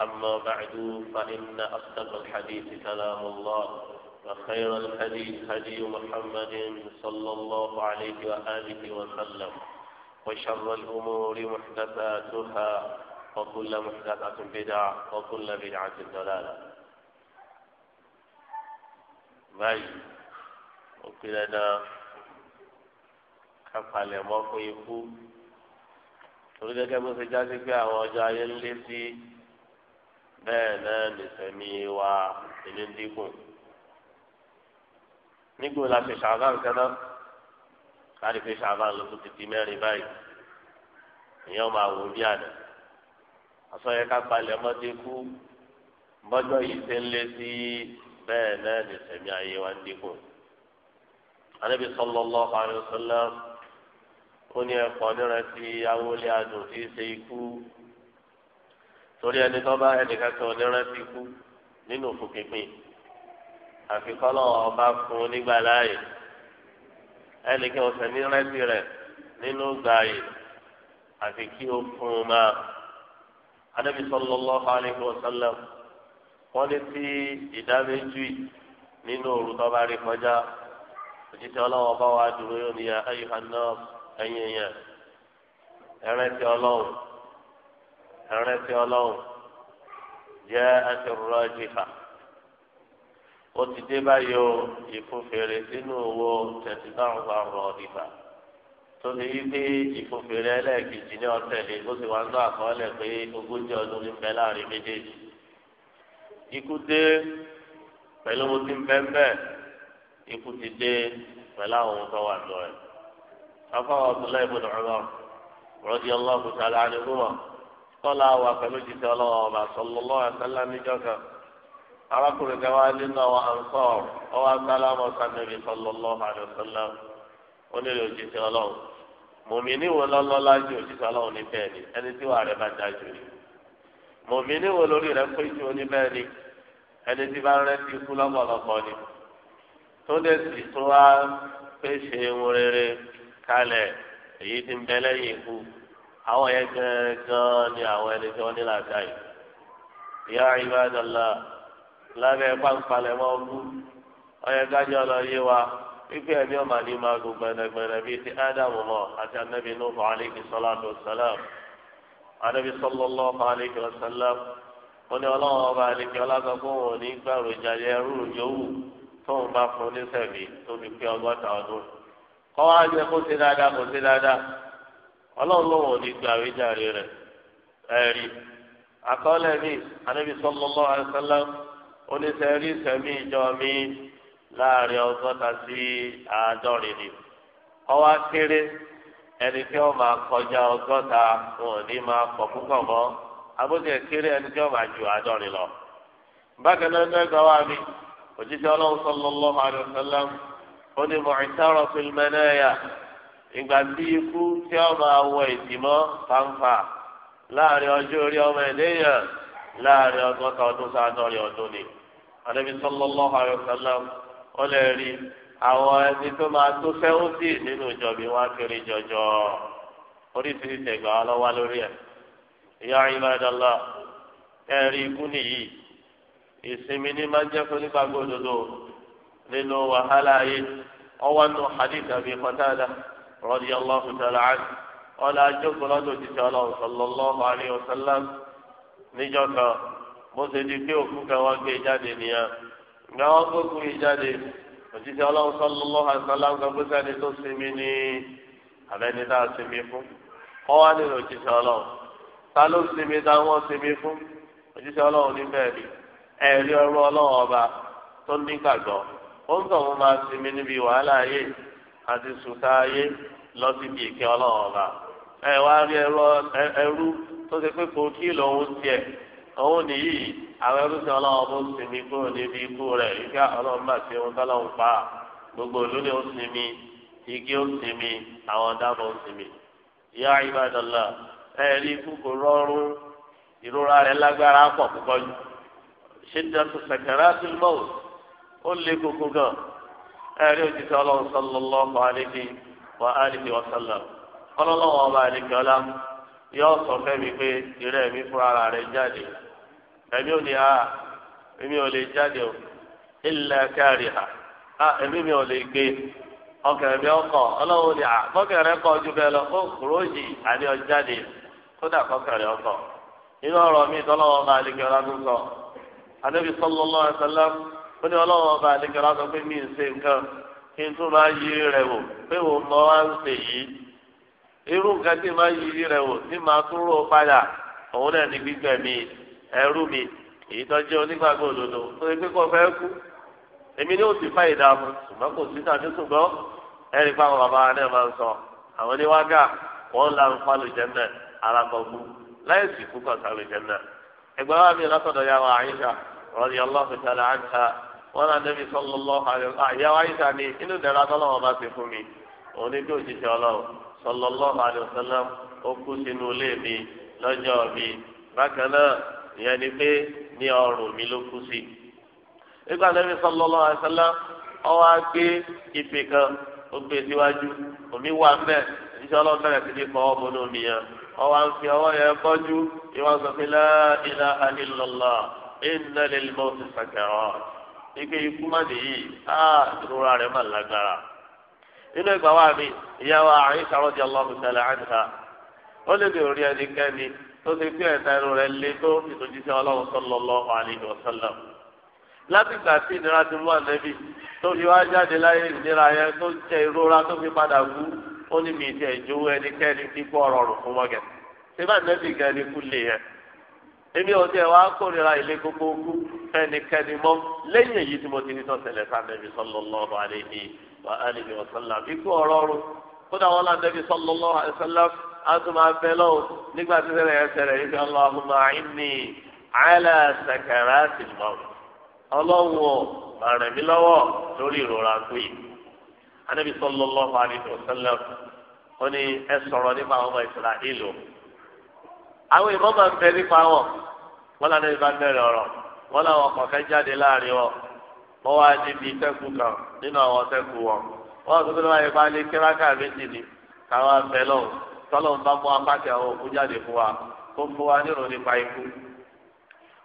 أما بعد فإن أصدق الحديث كلام الله وخير الحديث هدي محمد صلى الله عليه وآله وسلم وشر الأمور محدثاتها وكل محدثة بدعة وكل بدعة ضلالة باي وكل دا كفالي موقف torí gẹ́gẹ́ bó ṣe jáde pé àwọn ọjọ́ ayé bẹ́ẹ̀ náà nìsẹ̀mí wa ìní dínkù nígbò la fi ṣàbán kẹ́nà káàdì fi ṣàbán ló tún ti di mẹ́rin báyìí ìyẹn máa wò bí àná àsọyẹ ká palẹ̀ mọ́tí kú bọ́jọ́ yìí ṣe ń lé sí bẹ́ẹ̀ náà nìsẹ̀mí ayé wa ń dínkù. Ànábì sallallahu alaihi wasallam ó ní ẹ̀kọ́ nírẹ̀tí awólé adùn tí ṣe ikú torí ẹni tó bá ẹnìkan kan onírántí kú nínú òfò pínpín ọba fún nígbà láàyè ẹnìkan ọ̀sẹ̀ nírántí rẹ̀ nínú gbààyè àfi kí o fún un máa anabi sallallahu alaihi wasallam wọn ní tí ìdá nínú òru tó bá rí kọjá òjijì ọlọ́wọ́ bá wà dúró yóò ní ayé hanáà ẹ̀yìn yẹn ẹ̀rẹ́ ti ọlọ́run ẹrẹ tí Ọlọ́run jẹ ẹsẹ rọjìfà ó ti dé báyìí o ìfúnfèrè sínú owó tẹsí báwọn bá rọ ìfà tó ní wípé ìfúnfèrè ẹlẹ́ẹ̀kejì ní ọ̀tẹ̀lẹ̀ ó sì wá ń lọ àkọọ́lẹ̀ pé ogójì ọdún ní bẹ́ẹ̀ láàrin méjèèjì ikú dé pẹ̀lú mo ti ń bẹ́ẹ̀ bẹ́ẹ̀ ikú ti dé pẹ̀lú àwọn ohun tó wà lọ́rẹ̀. afáwọn abdullahi ibùdó ọlọ́run rọ́dí ọlọ́run tààlà àdìgúnmọ̀ tọ́lá wà pẹ̀lú jíjẹ ọlọ́wọ́ ọba sọlọ́lọ́ ẹ̀sẹ̀lá níjọ́ kan arákùnrin kan wá nínú àwọn ansọ́ọ̀ ọwọ́ asálámọ̀ sanẹ́bí sọlọ́lọ́ àdùsọ́lá onílé òjíṣẹ́ ọlọ́run mòmíní wo lọ́lọ́lá ju òjíṣẹ́ ọlọ́run ní bẹ́ẹ̀ ni ẹni tí wàá rẹ̀ bá já jù ní mòmíní wo lórí rẹ̀ pé ju ní bẹ́ẹ̀ ni ẹni tí bá rẹ̀ ti kú lọ́pọ̀lọpọ̀ ni tó lè sì tó wá pèsè ohun rere kalẹ̀ èyí tí ń bẹ lẹ́yìn ikú àwọn yẹn gangan ni àwọn ẹni tí wọn ní làákà yìí ìyá ìbádọ́lá lábẹ́ pàǹpalẹ̀ máa ń bú ọyẹ kájọ lọ yé wa wípé ẹ̀mí ọ̀mà ni máa gùn gbẹ̀nẹ̀gbẹ̀nẹ̀ bíi ti ádámù mọ̀ àti anábì nùfà aleyhi sọláàtù sàlám anábì sọlọ́lọ́ aleyhi sàlám ó ní ọlọ́run ọba aleyhi ọlágbàgbọ́n wọn ní gbàrú ìjàlẹ̀ ẹrú yòówù tóun bá fún nísẹ̀mí tó fi pé ọgọ́ta ọdún kọ́ jẹ́ kó ṣe dáadáa kó ṣe dáadáa ọlọ́run lọ́wọ́ ò ní gba àwíjàre rẹ̀ ẹ̀rí àkọọ́lẹ̀ mi anábì sallallahu alaihi wasallam oníṣẹ́rí sẹ́mi ìjọ mi láàrin ọgọ́ta sí àádọ́rin ni ọwọ́ akéré ẹni tí wọ́n máa kọjá ọgọ́ta wọn ò ní máa pọ̀ púpọ̀ mọ́ abóde kéré ẹni tí wọ́n máa ju àádọ́rin lọ. bákan náà ní ẹgbẹ́ wa mi òjíṣẹ́ ọlọ́run sallallahu alaihi wasallam ó ní mu'tarafil manaya ìgbà tí ikú tí ó máa wọ ìdìmọ́ fanfa láàrin ọjọ́ orí ọmọ ẹ̀dẹ́yàn láàrin ọgọ́ta ọdún sáàdọ́rin ọdún ni ànábì sallallahu ó lè rí àwọn ẹni tó máa tó fẹ́hún sí nínú ìjọba wá kiri jọjọ oríṣiríṣi ẹ̀gbà ọlọ́wà lórí ẹ̀ ìyá ibadallah ẹ̀rí ikú nìyí ìsinmi ní máa jẹ́ fún nípa gbódodo nínú wàhálà yìí ọwọ́ nù hadith àbí Qatada radiyallahu ta'ala anhu ọ̀là àjọkọ̀ lọ́dọ̀ títí ọlọ́run sallallahu alaihi wasallam níjọ́ kan bó ṣe di pé òkú kan wọ́n gbé e jáde nìyẹn ìgbà wọn gbé òkú yìí jáde òtítí ọlọ́run sallallahu alaihi wasallam kan gbé sẹ́ni tó sinmi ní abẹ́ni tá a sinmi fún kọ́ wá nínú òtítí ọlọ́run ta ló sinmi tá wọ́n sinmi fún òtítí ọlọ́run ní bẹ́ẹ̀ ni ẹ̀rí ọrọ̀ ọlọ́run ọba tó nígbàgbọ́ ó ń tọ̀ wọ́n máa sinmi níbi wàhálà yìí àti sùtáyé lọ síbi ìkẹ́ ọlọ́run ọba ẹ wá rí ẹrú tó ṣe pé kò kí lòun tiẹ̀ òun nìyí àwọn ẹrú sí ọlọ́run ọba ó sinmi kúrò níbi ikú rẹ̀ ìgbà ọlọ́run bá ti ohun tọ́lọ́run pa gbogbo olóde ó sinmi igi ó sinmi àwọn dábọ̀ ó sinmi. ìyá ìbádọ́lá ẹ rí ikú kò rọrùn ìrora rẹ̀ lágbára pọ̀ púpọ̀ jù ṣé dáṣọ sàkàrà tó mọ̀ ó lé koko gan-an ẹ̀rí òjijì ọlọ́run sallallahu alaihi wa alihi wa sallam ọlọ́lọ́wọ́ ọba àlejò ọlá yóò sọ fẹ́mi pé ìrẹ́ mi fún ara rẹ̀ jáde ẹ̀mí ò ní a ẹ̀mí ò lè jáde o illa kariha a ẹ̀mí mi ò lè gbé ọkẹ̀rẹ̀ mi ọkọ̀ ọlọ́run ní a kọ́kẹ̀rẹ̀ kọ́ ju bẹ́ẹ̀ lọ ó kúrò yìí àní ọjáde kódà kọ́kẹ̀rẹ̀ ọkọ̀ inú ọ̀rọ̀ mi tọ́lọ́wọ́ ọba àlejò ọlá ó ní ọlọ́run ọba àdékẹ́lá sọ pé mí ń ṣe nǹkan kí n tún máa yí rẹ̀ wò pé òun mọ́ wá ń ṣe yìí irú nǹkan tí máa yí rẹ̀ wò tí máa tún rò padà òun náà ní mi èyí tó jẹ́ onígbàgbọ́ òdodo tó ṣe pé kò fẹ́ kú èmi ni ó ti fà ìdààmú ṣùgbọ́n kò sí tàbí ṣùgbọ́n ẹ̀rí fáwọn bàbá náà máa ń sọ àwọn oníwágà wọn là ń falò sì kú kọ̀ọ̀tà lè ẹgbẹ́ wọn náà débi sallallahu àyàwó àyíṣà ni inú ìdẹ̀ra tọ́lọ́wọ́ bá ti fún mi òun ní bí òjijì ọlọ́run sallallahu alaihi wasallam ó kú sínú ilé mi lọ́jọ́ mi bákan náà ìyẹn ni pé ní ọrùn mi ló kú sí. nígbà débi sallallahu alaihi wasallam ọwọ́ á gbé ife kan ó gbé e síwájú omi wà mẹ́ ìṣẹ́ ọlọ́run bẹ̀rẹ̀ sí ní fọwọ́ bọ́nú omi yẹn ọwọ́ à ń yẹn bọ́jú ìwà sọ̀fin la ilaha illallah inna lil mawti sakarat ike ikú má dé yìí áà ìrora rẹ̀ má lágbára. inú ìgbà wa mi ìyàwó Àìṣà radiyallahu ta'ala anha ó lè dè orí ẹnikẹ́ni tó ti fi ẹ̀ta irun rẹ̀ lé tó ìtòjíṣẹ́ ọlọ́run sallallahu alaihi wasallam láti gbà tí ìnira ti mú ànẹ́bí tó fi wá jáde láyé ìnira yẹn tó jẹ ìrora tó fi padà wú ó ní mi ìtẹ̀ ẹnikẹ́ni kíkọ́ ọ̀rọ̀ rùn fún wọn gẹ̀. ṣé bá ànẹ́bí gan ni kú lè yẹn èmi ò tiẹ̀ wá kórìíra ilé gbogbo ogú fẹ́nikẹ́ni mọ́ lẹ́yìn èyí tí mo ti ní sọ̀tẹ̀lẹ̀ sànẹ́bí sallallahu alayhi wa alihi wa sallam ikú ọ̀rọ̀ ọ̀run kódà wọn lànẹ́bí sallallahu alayhi wa sallam àtúmọ̀ abẹ́ lọ́wọ́ nígbà tí sẹ́lẹ̀ ẹ̀ sẹ́lẹ̀ yìí fi Allahumma inni ala sakaratil maut ọlọ́wọ́ ràn mí lórí ìrora pé ànẹ́bí sallallahu alayhi wa sallam ó ẹ sọ̀rọ̀ nípa ọmọ ìsirà àwọn ìmọ̀ máa ń bẹ nípa wọn wọn lànà ìbá bẹ̀rẹ̀ ọ̀rọ̀ wọn làwọn kọ̀ọ̀kẹ́ jáde láàrin wọn wọn wá níbi tẹ́kù kan nínú àwọn tẹ́kù wọn wọn sọ pé wọn ìbá lé kíráàkà méjì ni káwọn abẹ lọ́wọ́ tọ́lọ̀ ń bá mú apákẹ́ àwọn òkú jáde fún wa kó fún wa nírò nípa ikú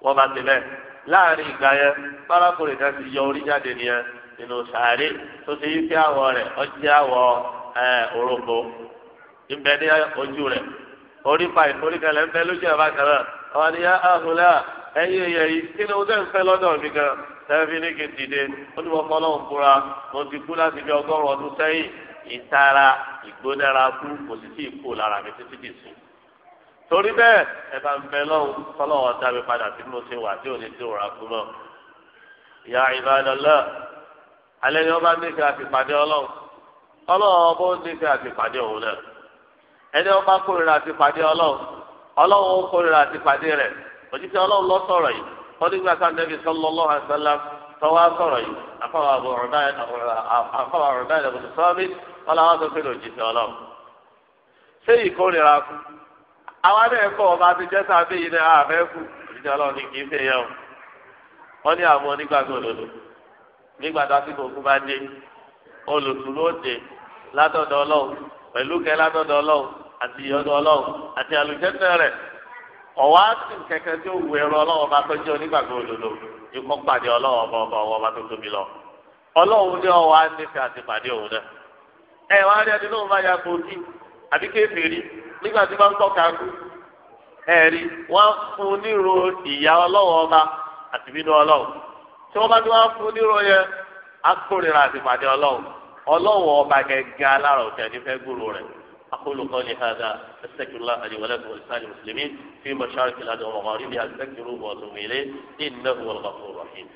wọn bá ti bẹ́ẹ̀ láàrin ìgbà yẹn pálákùnrin kan ti yọ orí jáde nìyẹn nínú sàárè tó ti yí sí àwọ̀ rẹ̀ ọjọ́ àwọ̀ òròbó ìbẹ̀ ní ojú rẹ̀ orí fa ìforí kalẹ̀ ń bẹ lójú ẹ̀ bá kẹrẹ ọ̀hún ni ahùlá ẹ̀yìn ẹ̀yẹ yìí kí ni ojú ẹ̀ ń fẹ́ lọ́dọ̀ mi gan tẹ́fí ní kí n dìde ó ní mo fọ́ lọ́hùn fúnra mo ti kú láti bí ọgọ́rùn ọdún sẹ́yìn ìtara ìgbónára kú kò sì tí ì kú lára mi títí dì sí. torí bẹ́ẹ̀ ẹ bá ń bẹ lọ́hùn fọlọ́wọ́ dábì padà tí mo ti wà tí ò ní sí òra kú mọ́. ìyá ìbádọ́lọ́ alẹ́ ni wọ́n bá ní kí a ti pàdé ọlọ́run ọlọ́run ọbọ̀ ẹni ọba kórìíra ti pàdé ọlọ́run ọlọ́run kórìíra ti pàdé rẹ̀ òjíṣẹ́ ọlọ́run lọ sọ̀rọ̀ yìí tọ́wọ́ sọ̀rọ̀ yìí afọwọ́ ọ̀rọ̀dáyà lọ́kùnrin sọ́ọ́mí ọlọ́run tó yìí wọ́n ní àwọn nígbà tó a ti kò kú bá dé olùsùn ló dé pẹ̀lú kẹlá dọ́dọ̀ ọlọ́run àti ìyọ́dọ̀ ọlọ́run àti àlùjẹ́tẹ̀ rẹ̀ ọ̀wá sì kẹ̀kẹ́ tí ó wù ẹ̀rọ ọlọ́run ọba tó jẹ́ onígbàgbọ́ òdodo ikọ́ pàdé ọlọ́run ọba tó tóbi lọ ọlọ́run ní ọwọ́ á àti pàdé òun ya àbí nígbà tí wọ́n ń tọ́ka kú ẹ rí wọ́n fún níro ìyá ọba àti bínú tí wọ́n bá ọlọ́wọ́ ọba gẹ́gẹ́ alárò tẹ̀lé fẹ́ gbúrò rẹ̀ أقول قولي هذا أستغفر الله لي ولكم ولسائر المسلمين في مشارق الأرض ومغاربها أستغفروه وأتوب إليه إنه هو الغفور الرحيم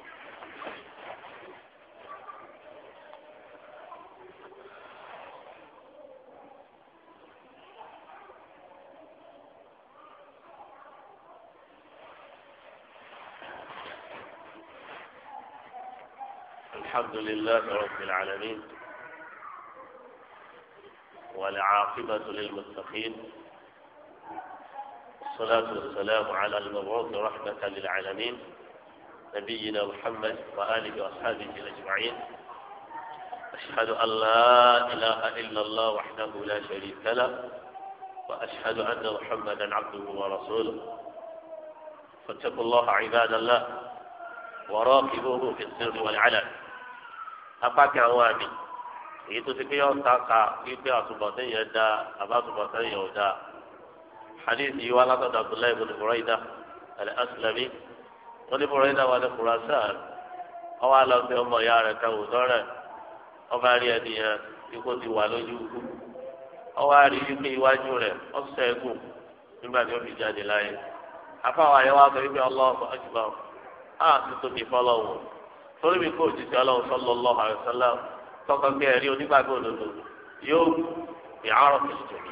الحمد لله رب العالمين والعاقبة للمتقين الصلاة والسلام على المبعوث رحمة للعالمين نبينا محمد وآله وأصحابه أجمعين أشهد أن لا إله إلا الله وحده لا شريك له وأشهد أن محمدا عبده ورسوله فاتقوا الله عباد الله وراقبوه في السر والعلن أفاك أوامي èyí tó ti pé yọ kàkà wípé àtúbọ̀tán yẹn da àbá yẹn ò da hadith yìí wá látọ̀dọ̀ abdullahi ibn buraida aslami buraida wà ní kurasan ọwọ́ ọmọ ya rẹ̀ ọba rí ẹni yẹn ikú ti wà lójú ikú ọwọ́ àrí iwájú rẹ̀ ọ̀sẹ̀ nígbà tí ó fi jáde láyé afáwọn àyẹ̀wò tóbi torí mi tọkọ bí ẹ̀rí onígbàgbọ́ òdodo yóò yàrá kìsìtìmí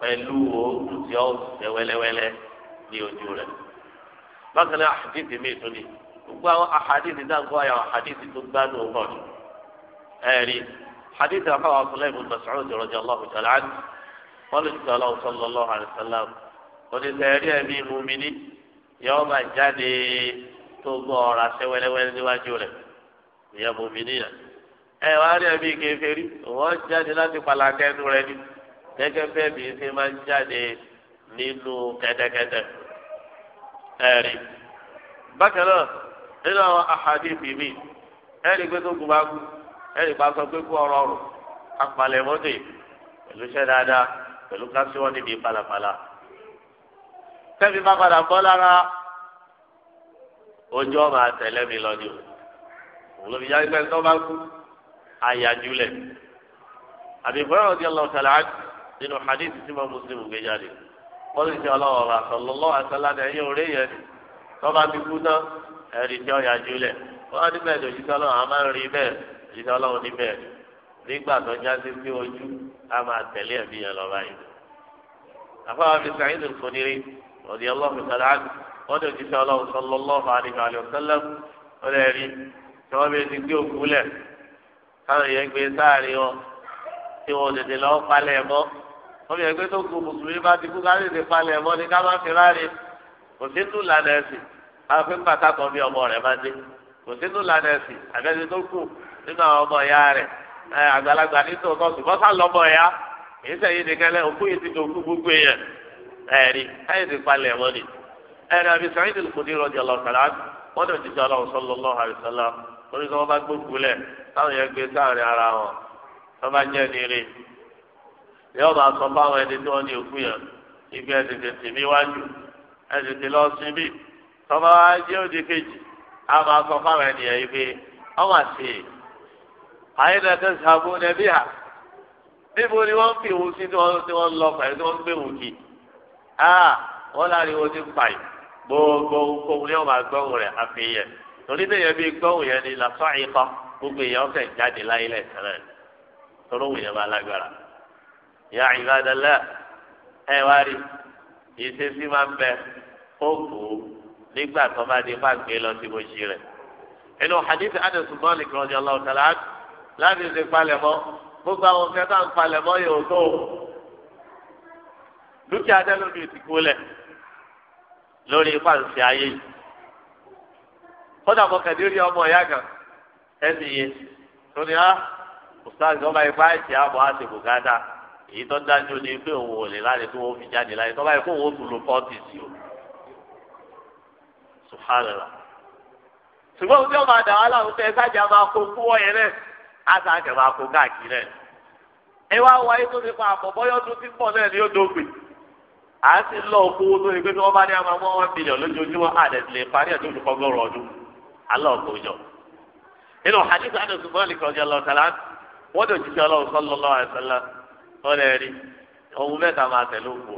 pẹ̀lú oògùn tí ó ṣe wẹ́lẹ́wẹ́lẹ́ ní ojú rẹ̀. bákan náà àhàdìsì mi tún ni gbogbo àwọn àhàdìsì náà gbọ́ àwọn àhàdìsì tó gbádùn ọgbọ́n ni. ẹ̀rí àhàdìsì àfáwọn akọlẹ́ ibn Mas'ud radiyallahu ta'ala anhu wọ́n lè sọ ọlọ́run sallallahu alaihi wasallam oníṣẹ́ ẹ̀rí ẹ̀mí jáde tó gbọ́ ọ̀rọ̀ àṣẹ níwájú rẹ̀ ìyẹn mùmíní yẹn. ẹ wá rí ẹbí kèfèrí wọ́n jáde láti palakẹ́ nu rẹ ni gẹ́gẹ́ bẹ́ẹ̀ bí ṣe máa ń jáde nínú kẹ́tẹ́kẹ́tẹ́ ẹ̀rí. bákan náà nínú àwọn àhàdí bìbí ẹ̀rí pé tó gun bá kú ẹ̀rí pa sọ pé kú rò dáadáa níbi palapala. tẹ́bí bá padà bọ́ lára ojú ọmọ àtẹlẹ́mi lọ́dún òun ló fi yá ayájúlẹ̀ àbíkúrẹ́ rọ̀dí ọlọ́ọ̀tàlá nínú hadith tí mo muslim gbé jáde wọ́n lè ṣe ọlọ́wọ́ rà sọ̀lọ́lọ́ àtàlá ní ẹ̀yìn òré yẹn tọ́ba ti kú tán ẹ̀rí tí ó yájúlẹ̀ wọ́n á ní bẹ́ẹ̀ lòdì tí ọlọ́run á máa ń rí bẹ́ẹ̀ lòdì tí ọlọ́run ní bẹ́ẹ̀ nígbà tó já sí sí ojú á máa tẹ̀lé ẹ̀mí yẹn lọ báyìí. àfọwọ́ fi sàyìn lè fún nírí rọ̀dí ọlọ́ọ̀tàlá wọ́n lè ṣe ọlọ́run sọ̀lọ́lọ́ káwọn èèyàn gbé sáàrin wọn tí wọn tètè lọ palẹ̀ mọ́ wọn yẹ pé tó kú mùsùlùmí bá ti kú ká tètè palẹ̀ mọ́ ni ká má fi ráre kò sí tún lànà ẹ̀sìn àwọn pé pàtà kan bí ọmọ rẹ̀ má dé kò sí tún lànà ẹ̀sìn àbẹ́ni tó kù nínú àwọn ọmọ ìyá rẹ̀ àgbàlagbà nítorí kan ṣùgbọ́n sá lọ́mọ ìyá èyí sẹ́yìn nìkẹ́lẹ́ òkú yìí ti dòkú gbogbo èèyàn ẹ̀rí káyọ̀ torí sọ wọn bá gbógun lẹ táwọn yẹn gbé sáàrin ara wọn wọn bá jẹ nílé yóò máa sọ fáwọn ẹni tí wọn ní òkú yẹn ibi ẹni tètè níwájú ẹni tètè lọ sí bí tọba wa jẹ òde kejì a máa sọ fáwọn ẹni yẹn ibi wọn máa sè é àyínlẹ sàbó nẹbí à níbo ni wọn fi ìwú tí wọn tí wọn lọ pẹ̀lú tí wọn gbé wù kí a wọn láriwo ti pàì gbogbo ohun kóhun ni wọn máa gbọ́ ohun rẹ̀ àfihàn torí lèyẹn bí gbọ́wò yẹn ni làtọ́ àyíkọ́ gbogbo èèyàn fẹ́ jáde láyé lẹ́sẹ̀ náà torí òun yẹn bá lágbára. ya ibadallah ẹ wá rí ìṣesí máa ń bẹ kóòkù nígbà tó bá di bá gbé lọ sí bó ṣe rẹ̀. inú hadith Anas Malik radiyallahu ta'ala láti ṣe palẹ̀mọ́ gbogbo àwọn kẹta ń palẹ̀mọ́ yòó tó dúkìá dẹ́lómi ti kú lẹ̀ lórí ipá ayé yìí kódà mo kàn ní rí ọmọ ìyá kan ẹni yẹn tó ní á ah, ustaz ọba ipá ẹ̀sìn àbọ̀ àti bùkátà èyí tó dájú ni pé òun ò lè láti tó wọ́n fi jáde láyé tó bá yẹ kó òun tún lo fọ́ọ̀tì sí o subhanallah ṣùgbọ́n ojú ọba àdàwọ̀ aláwọ̀ tẹ sájà máa kó kúwọ́ yẹn náà àtà àjẹ máa kó káàkiri rẹ̀ ẹ wá wáyé tó ti pa àpọ̀bọ́yọ́ tó ti pọ̀ náà ni ó dógbè à ń sì lọ òkú owó tó ṣe pé tí wọ́n bá ní àmọ́ one billion lójoojúmọ́ àdẹ̀sílẹ̀ parí ẹ̀ tó ti kọ́ gbọ́rọ̀ ọdún alọ́ọ̀kọ́jọ. nínú hadith Anas malik radiyallahu ta'ala wọ́n dẹ̀ jíjẹ́ ọlọ́run sallallahu alaihi wasallam wọ́n lè rí ohun mẹ́ta máa tẹ̀lé òkú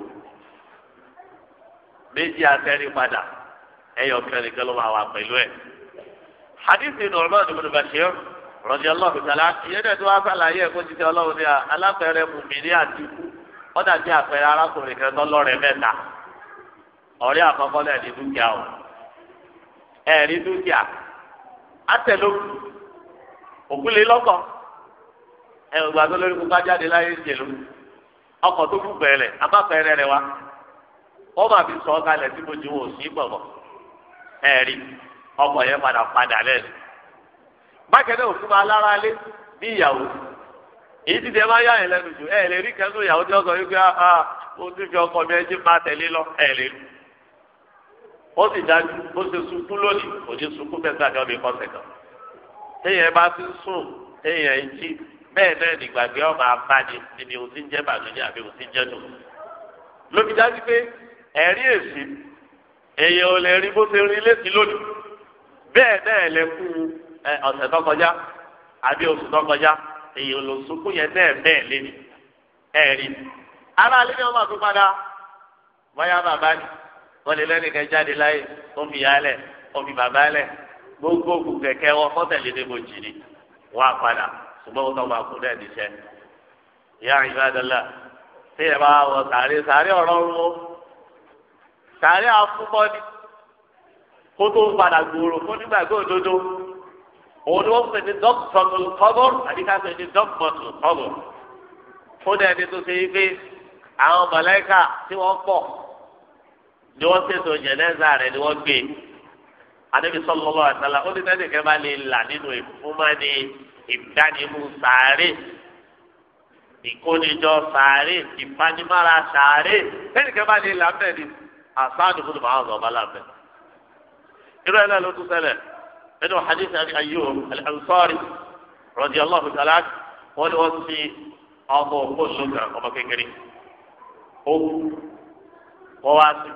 méjì atẹ́rí padà ẹ̀yọ̀ kẹrin kẹlẹ́ máa wà pẹ̀lú ẹ̀. hadith Nu'man ibn Bashir radiyallahu ta'ala ìyẹn dẹ̀ tó wá sàlàyé ẹ̀kọ́ jíjẹ́ ọlọ́run ní alápẹ̀rẹ̀ mùmíní àti wọ́n dàbí àpẹẹrẹ arákùnrin kan tọ́lọ́rẹ̀ mẹ́ta ọ̀rẹ́ àkọ́kọ́ náà ní dúkìá o ẹ̀rí dúkìá atẹlókù òkúlé lọkọ ẹ ògbà lórí jáde láyé ọkọ tó kú pẹrẹ abáfẹrẹ rẹ wa wọn bá fi sọ ọkà lẹ tí mo ju wò sí gbọgbọ ẹ ọkọ yẹn padà padà lé bí ìyàwó èyí ti tẹ máa yá jù ẹ lè rí kẹ́ńtù ìyàwó tí wọ́n sọ ah, ah, ti fi ọkọ mi ẹ jí lọ ẹ ó sì dájú bó ṣe sunkún lónìí kò ní sunkún bẹ́ẹ̀ sáà ní ọbẹ̀ kọ́sẹ̀ kan téèyàn bá ti sùn téèyàn ń jí bẹ́ẹ̀ bẹ́ẹ̀ nígbàgbé ọmọ abáni níbi òun ti ń jẹ́ bàlóyè àbí òun ti ń jẹ́ dùn. lóbi dájú pé ẹ̀rí èsì èèyàn ò lè rí bó ṣe rí létí lónìí bẹ́ẹ̀ náà lè kú ọ̀sẹ̀ tó kọjá àbí oṣù tó kọjá èèyàn ló sunkún yẹn bẹ́ẹ̀ bẹ́ẹ̀ lé ní ẹ̀rí. ara alẹ́ ni wọ́n máa tún padà bọ́yá bàbá ni wọ́n lè lẹ́nìkan jáde láyé omi yálẹ̀ omi bàbá lẹ̀ gbogbo kẹ̀kẹ́ wọn fọ́tẹ̀lẹ́ ní bojì ni wọ́n á padà ṣùgbọ́n wọn tó máa kú náà níṣẹ́. ìyá ìbádọ́là tí ẹ bá wọ sàárè sàárè ọ̀rọ̀ wo sàárè àfúnmọ́ni kó tó padà gbòòrò fún nígbàgbọ́ òdodo òun ni wọ́n pè ní dọ́kítọ̀tù kọ́bọ̀ àdìká pè ní dọ́kítọ̀tù kọ́bọ̀ fún ẹni tó ṣe é pé àwọn mọ̀lẹ́kà tí wọ́n pọ̀ ni wọ́n ṣètò jẹ̀nẹ́sà rẹ̀ ni wọ́n gbé anabi sallallahu alaihi wasallam ó ní sẹ́ni kẹ́ bá lè là nínú ìfúnmọ́ni ìdánimú sàárè ìkónijọ sàárè ìpanimára sàárè sẹ́ni kẹ́ bá lè là bẹ́ẹ̀ ni àsáàdù fún ìbáwọ̀ ọ̀gá ọ̀bá làbẹ́. irú ẹ̀ náà ló tún ṣẹlẹ̀ nínú hadith àti Ayyub al-Ansari radiyallahu ta'ala wọ́n ní wọ́n ti ọmọ òkú ṣùgbọ́n ọmọ kékeré ó wọ́n wá sí i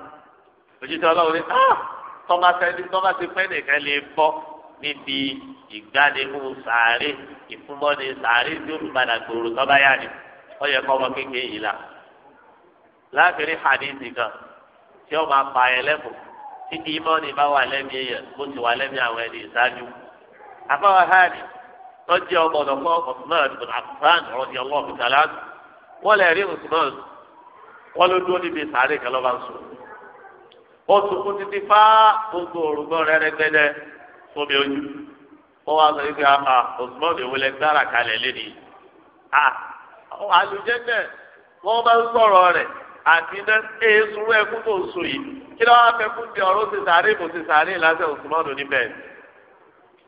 òjijì ọlọ́run ní ah, tọ́ba sẹ́ni tọ́ba ti pẹ́ nìkan lè bọ́ níbi ìgbanihu sàárè ìfúnmọ́ni sàárè tí ó fi padà gbòòrò tọ́ba yá ni ó yẹ kọ́ ọmọ kékeré yìí la láàbìrì hadithi kan tí ó máa pa ẹ lẹ́kọ̀ọ́ títí ìmọ̀ọ́nì bá wà lẹ́mìí èèyàn bó ti wà lẹ́mìí àwọn ẹni ìsáájú. àbáwá hàní wọ́n lè rí Usman wọ́n ló dúró ó sunkún títí fá gbogbo òrùngbọ́n rẹ̀ rẹ́gbẹ́dẹ́ fún mi ojú ó wá sọ wípé àmà osmọ́ọ̀lù ìwọlẹ̀ gbára kalẹ̀ lẹ́nìí àlùjẹ́gbẹ̀ wọ́n bá ń sọ̀rọ̀ rẹ̀ àti iná èésù rẹ̀ fún tó sùn yìí kí ló wá fẹ́ fún ti ọ̀rọ̀ ti sàárè kò ti sàárè lásẹ̀ osmọ́ọ̀lù níbẹ̀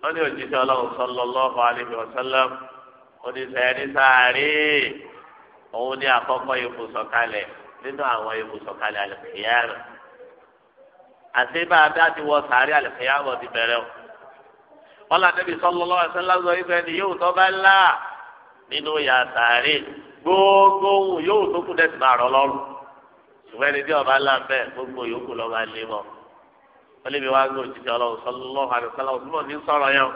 wọ́n ní òjijì ọlọ́run sallallahu alaihi wasallam oníṣẹ́ni sàárè òun ní àkọ́kọ́ ibùsọ̀kalẹ̀ nínú àwọn ibùsọ̀kalẹ̀ àlùkìyàrá àti bá a dá ti wọ sàárì àlùkìyàmọ̀ ti bẹ̀rẹ̀ o. wọn là níbi sallallahu alaihi wasallam ibẹ̀ ni yóò tọ́ bá ńlá nínú yà sàárì gbogbo ohun yóò tó kú dẹ́sí máa rọ lọ́rùn. ṣùgbọ́n ẹni tí ọba ńlá ń bẹ̀ gbogbo yòókù lọ́ máa lé mọ́. wọ́n lé mi wá gbé òjijì ọlọ́run sallallahu alaihi wasallam òtúmọ̀ ní sọ̀rọ̀ yẹn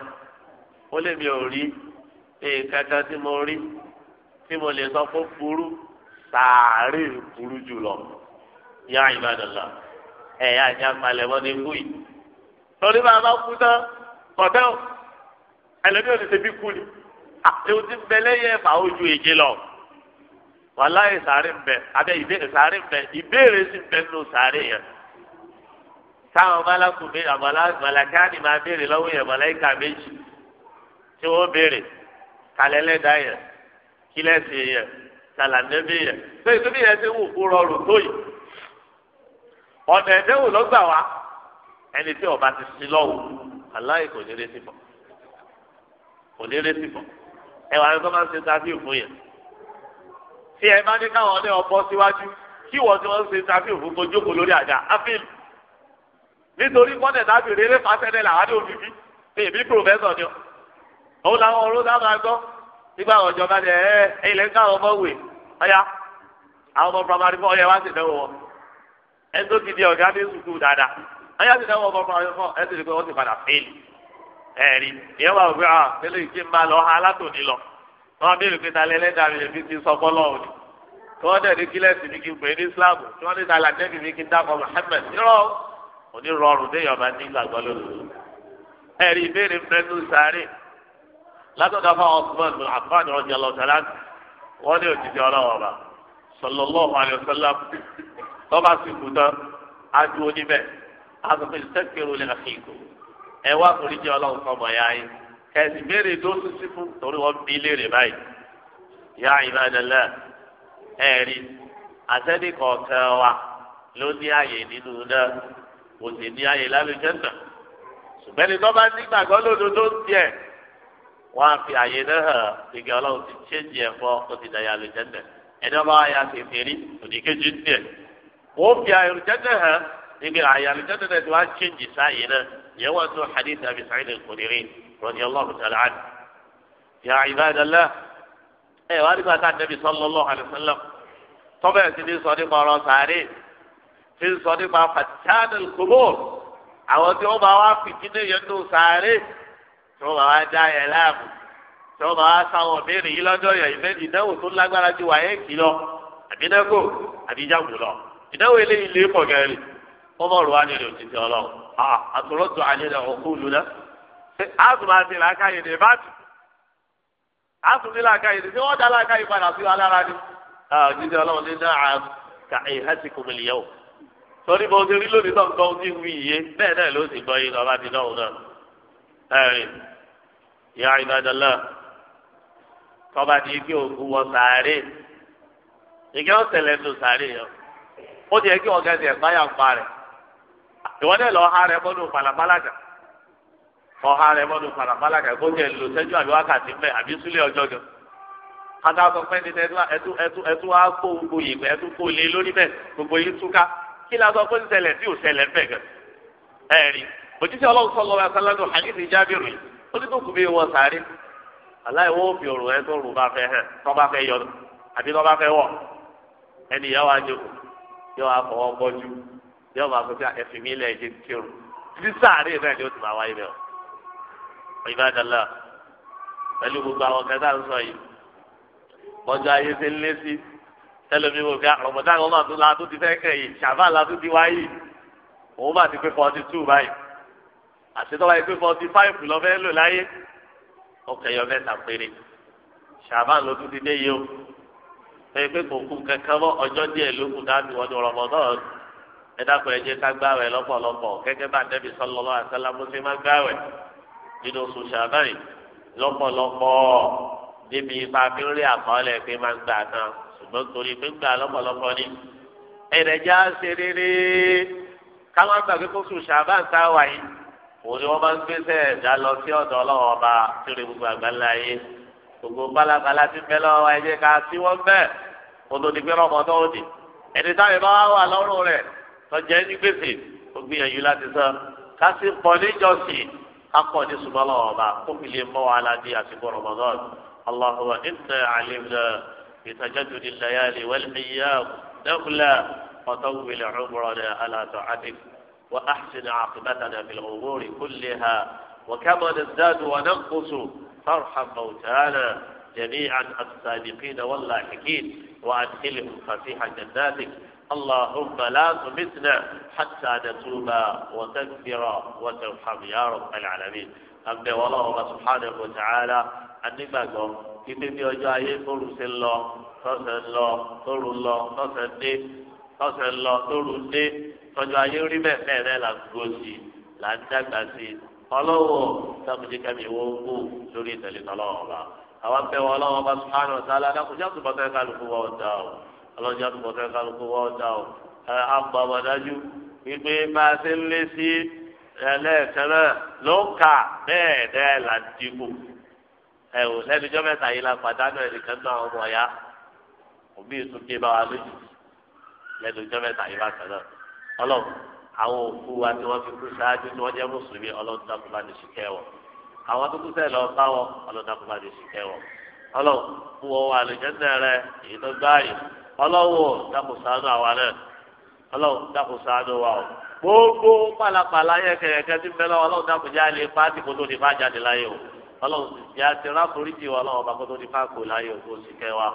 ẹ̀ yá àti apalẹ̀ wọn ni kú yìí torí bá a bá kú tán kọ̀tẹ́ o ẹlẹ́bí ò ní ṣe bí kú ni àtẹ̀wò ti bẹ lẹ́yìn ẹ̀fà ojú èjì lọ wàláyé sàárè mbẹ abẹ ìbéèrè sàárè mbẹ ìbéèrè sì mbẹ nínú sàárè yẹn táwọn malakú mi àmàlàkáni máa béèrè lọ́wọ́ yẹn màláíkà méjì tí wọ́n béèrè kalẹ̀ lẹ́dá yẹn kílẹ̀sì yẹn kàlàndẹ́bí yẹn pé ìtúbí yẹn ti wù kú rọrùn tó ọ̀nà ẹ̀dẹ́wò lọ́gbà wá ẹni tí ọba ti sin lọ́wọ́ aláì kò ní retí bọ̀ kò ní retí bọ̀ ẹ wà lóko máa ń ṣe tábìlì fún yẹn tí ẹ bá ní káwọn ọdẹ ọbọ síwájú kí wọ́n ti wọ́n ṣe tábìlì fún kojú kò lórí àga áfíìlì nítorí kọ́nẹ̀ tábìlì rere fásẹ́lẹ̀ làwọn adé òfìfí ní ìbí pòfẹ́sọ̀ ni ọ òun làwọn ọ̀rọ̀ náà máa gbọ́ nígbà ọ̀jọ̀ba ni ẹ ilẹ̀ ń káwọn ọmọ wè ọ̀ya àwọn ọmọ primary four ọ̀yẹ́ wá sì dẹ́wọ̀ wọn. ẹni gidi ti di ọ̀gá ní sùkúù dáadáa ayé àti ìdáwọ̀ ọkọ̀ ọ̀rọ̀ fún ẹ ti rí ti padà fẹ́ẹ̀lì ẹ̀rí ìyẹn wà wípé ah tẹ́lẹ̀ ìjì máa lọ ha látòní lọ wọ́n bí rìpé ta lẹ́lẹ́dàá mi lèmi ti sọ tí wọ́n dẹ̀ ní kílẹ̀sì kí Islam tí wọ́n ta kí dákọ̀ òní rọrùn ní ìgbàgbọ́ lónìí ẹ̀rí ìbéèrè sáré látọ̀dá fún tọ́ba sì kú tán á dúró níbẹ̀ á sọ pé sẹ́kẹ̀rù lè fi kú ẹ wá torí jẹ́ ọlọ́run sọmọ ya yín kẹ̀sì béèrè tó sísí fún torí wọ́n bí léèrè báyìí yá ìbádallah ẹ̀rí àtẹ́ni kọ̀ọ̀kan wa ló ní àyè nínú náà kò sì ní àyè lálùjẹ́ náà ṣùgbọ́n tọ́ba nígbàgbọ́ lódodo ń tiẹ̀ wọ́n á fi àyè náà hàn ìgbà ọlọ́run ti ṣéǹjì ẹ̀fọ́ ó ti dàyà lùjẹ́ náà ẹni ọba wa ya kẹfẹ́ rí òdìkejì ń tiẹ̀ wọ́n fi àyọ̀lùjẹ́tẹ̀ hàn ibi àyọ̀lùjẹ́tẹ̀ náà ti wá chíǹjì sáàyè náà yẹn wọ́n tún hadith abi sa'id al-khudiri radiyallahu ta'ala anhu ya ibadallah ẹ wá nígbà tá a nabi sallallahu alayhi wa sallam tọ́bẹ̀ ti ní sọ nípa ọ̀rọ̀ sàárè ti ń sọ nípa fatihad al-kubur àwọn tí wọ́n bá wá fìdílé yẹn tó sàárè tí wọ́n bá wá dá yẹn láàmú tí wọ́n bá wá sáwọn béèrè yìí lọ́jọ́ yẹn ìdánwò tó lágbára ju wáyé kì lọ àbí ìdáwó eléyìí lè pọ̀ gẹ́rì ọmọ ọ̀rọ̀ wa nílò títí ọlọ́run àtúrọ́tù àyẹ̀dẹ̀ ọ̀kúlù náà àtúmọ̀ àti làákàyè ní ìbátú àtúndí làákàyè ní wọ́n dá làákàyè padà sí alára ni títí ọlọ́run ní náà ka ìhásí kùmìlìyàwó torí bó ṣe rí lónìí náà gbọ́ ní iye bẹ́ẹ̀ náà ló sì gbọ́ yìí lọ́ba ti náà náà ẹ̀rìn ìyá ìbádọ́lá tọ́ba ti wọ sàárè ọ̀sẹ̀ lẹ́nu sàárè yẹn. ó ti yẹ kí wọn gẹ̀ẹ́sì ẹ̀gbá yà ń pa rẹ̀ ìwọ náà lọ ha rẹ bọ́dún palapalaja ọha rẹ bọ́dún palapalaja kó jẹ lò sẹ́jú àbí wákàtí mẹ́ àbí súlẹ̀ ọjọ́ jọ kátà sọ pé ní ẹtú wá kó gbogbo yìí pé ẹtú kó lé lórí bẹ́ẹ̀ gbogbo yìí túká kí la sọ pé ń ṣẹlẹ̀ tí ò ṣẹlẹ̀ ń bẹ̀ gẹ̀ ẹ̀ rí òjíṣẹ́ ọlọ́run sọ lọ́wọ́ asáládùn àdìsí jábìrì yìí ó ní kókò bí wọ́n sáré aláìwọ́ òfin òrùn ẹ tó rù bá fẹ́ hàn tó bá fẹ́ yọ àbí tó bá fẹ́ wọ̀ ẹnìyàwó àjòkò yọ àfọwọ́ bọ́jú yọ máa fọ́ sí ah, ẹ̀fìn mi lẹ́yìn jẹ́ kírun títí sáàárẹ̀ náà ni ó ti máa wáyé bẹ́ẹ̀ o ìbádàlá pẹ̀lú gbogbo àwọn kẹta ń sọ yìí bọ́jú ayé ti ń lé sí tẹlifí wo fi àrọ̀mọ̀dá ah, kan máa tún la tún ti fẹ́ kẹ̀ yìí ṣàfà la tún ti wáyé òun bá ti pé forty two báyìí àṣetọ́ba yìí pé forty five lọ fẹ́ lò láyé ọkẹ́ yọ mẹ́ta péré ṣàfà ló ti dé yìí o pé pé kò kú kankan mọ́ ọjọ́ díẹ̀ ló kù dábì wọ́n ní rọmọdán ẹ dákun ẹ jẹ́ ká gbààwẹ̀ lọ́pọ̀lọpọ̀ gẹ́gẹ́ bá Ànábì sallallahu alaihi wasallam bó ṣe nínú oṣù Ṣàbáàn lọ́pọ̀lọpọ̀ níbi ipa fi ń rí àkọọ́lẹ̀ pé máa gbà kan ṣùgbọ́n torí pé ń gbà lọ́pọ̀lọpọ̀ ni ẹ̀rẹ̀já ṣe rere káwọn gbàgbé kó oṣù Ṣàbáàn tá a wà òun ni wọ́n máa ń gbé sẹ́ẹ̀ dá lọ sí ọ̀dọ̀ ọlọ́wọ́ ọba tí ó lè gbogbo àgbáńlá yìí gbogbo balabala ti bẹ lọ ẹ jẹ́ ká sí wọn bẹ́ẹ̀ kótó ni pé rọmọdọ́ ó di ẹni táwọn ìbá wa wà lọ́rùn rẹ̀ tọ́jà ẹni gbèsè ó gbìyànjú láti sọ ká sì pọ̀ níjọsìn ká pọ̀ ní sùmọ́lọ́ ọba kó fi lè mọ́ wàhálà di àsìkò rọmọdọ́ اللهم إنا علمنا بتجدد الليالي والأيام نغلى وطول عمرنا على طاعتك وأحسن عاقبتنا في الأمور كلها وكما نزداد وننقص فارحم موتانا جميعا السابقين واللاحقين وأدخلهم فسيح جناتك اللهم لا تمتنا حتى نتوب وتكفر وترحم يا رب العالمين أما والله سبحانه وتعالى أنما قال كتب يجاهي فرس الله فرس الله فرس الله فرس الله فرس الله فرس الله فرس الله فرس لا فرس الله فرس ọlọ́wọ́ sábùjẹ́ kẹ́mi ìwọ kú lórí ìtẹ̀lé tọ́lọ́wọ́ bá àwọn abẹ́ wọn ọlọ́wọ́ bá sùpánù sálá dákúnjá tó bọ́tẹ́ kálukú wọ́n dá o ọlọ́jà tó bọ́tẹ́ kálukú wọ́n dá o ẹ agbọ̀bọ̀ dájú wípé bá a ṣe ń lé sí ẹlẹ́ẹ̀kan náà ló ń kà bẹ́ẹ̀ bẹ́ẹ̀ là ń dìbò ẹ ò lẹ́nu jọ́ mẹ́ta yìí la pàdánù ẹnìkan náà ọmọ ya òbí ìtúndé lójú lẹ́nu jọ́ mẹ́ta yìí àwọn òkú wa tí wọ́n fi kú sáájú tí wọ́n jẹ́ mùsùlùmí ọlọ́run dàpọ̀ bá ní sùkẹ́ wọn àwọn tó kú sẹ́yìn lọ bá wọn ọlọ́run dàpọ̀ bá ní sùkẹ́ wọn ọlọ́run fún wọn wà lójẹ́sẹ̀ rẹ èyí tó gbáàyè ọlọ́run dàpọ̀ ṣàánú àwa náà ọlọ́run dàpọ̀ ṣàánú wa o gbogbo pàlàpàlà yẹ kẹ̀kẹ́ bẹ lọ́wọ́ ọlọ́run dàpọ̀ jáde pàtì tó ti bá jáde láyé o ọlọ́run sì ti àti rákòríjì wa ọlọ́run ọba kótó ní fáàkó láyé òkú sí kẹwa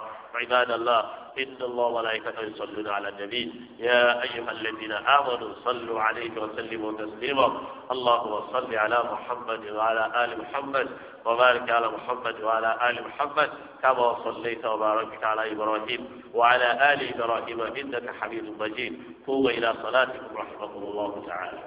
ìbádàlá ìdánlọ́ wàláìkàtà ìsọ̀lùnà àlàjẹ̀bí yẹ ayélujára lẹ́dínà àmọ́dù sọ́lù àlejò sẹ́lẹ̀mọ́ tẹ̀sílẹ̀mọ́ aláhùn sọ́lù àlá muhammad wàhálà àlì muhammad وبارك على محمد وعلى آل محمد كما صليت وباركت على إبراهيم وعلى آل إبراهيم إنك حميد مجيد قوموا إلى صلاتكم رحمكم الله تعالى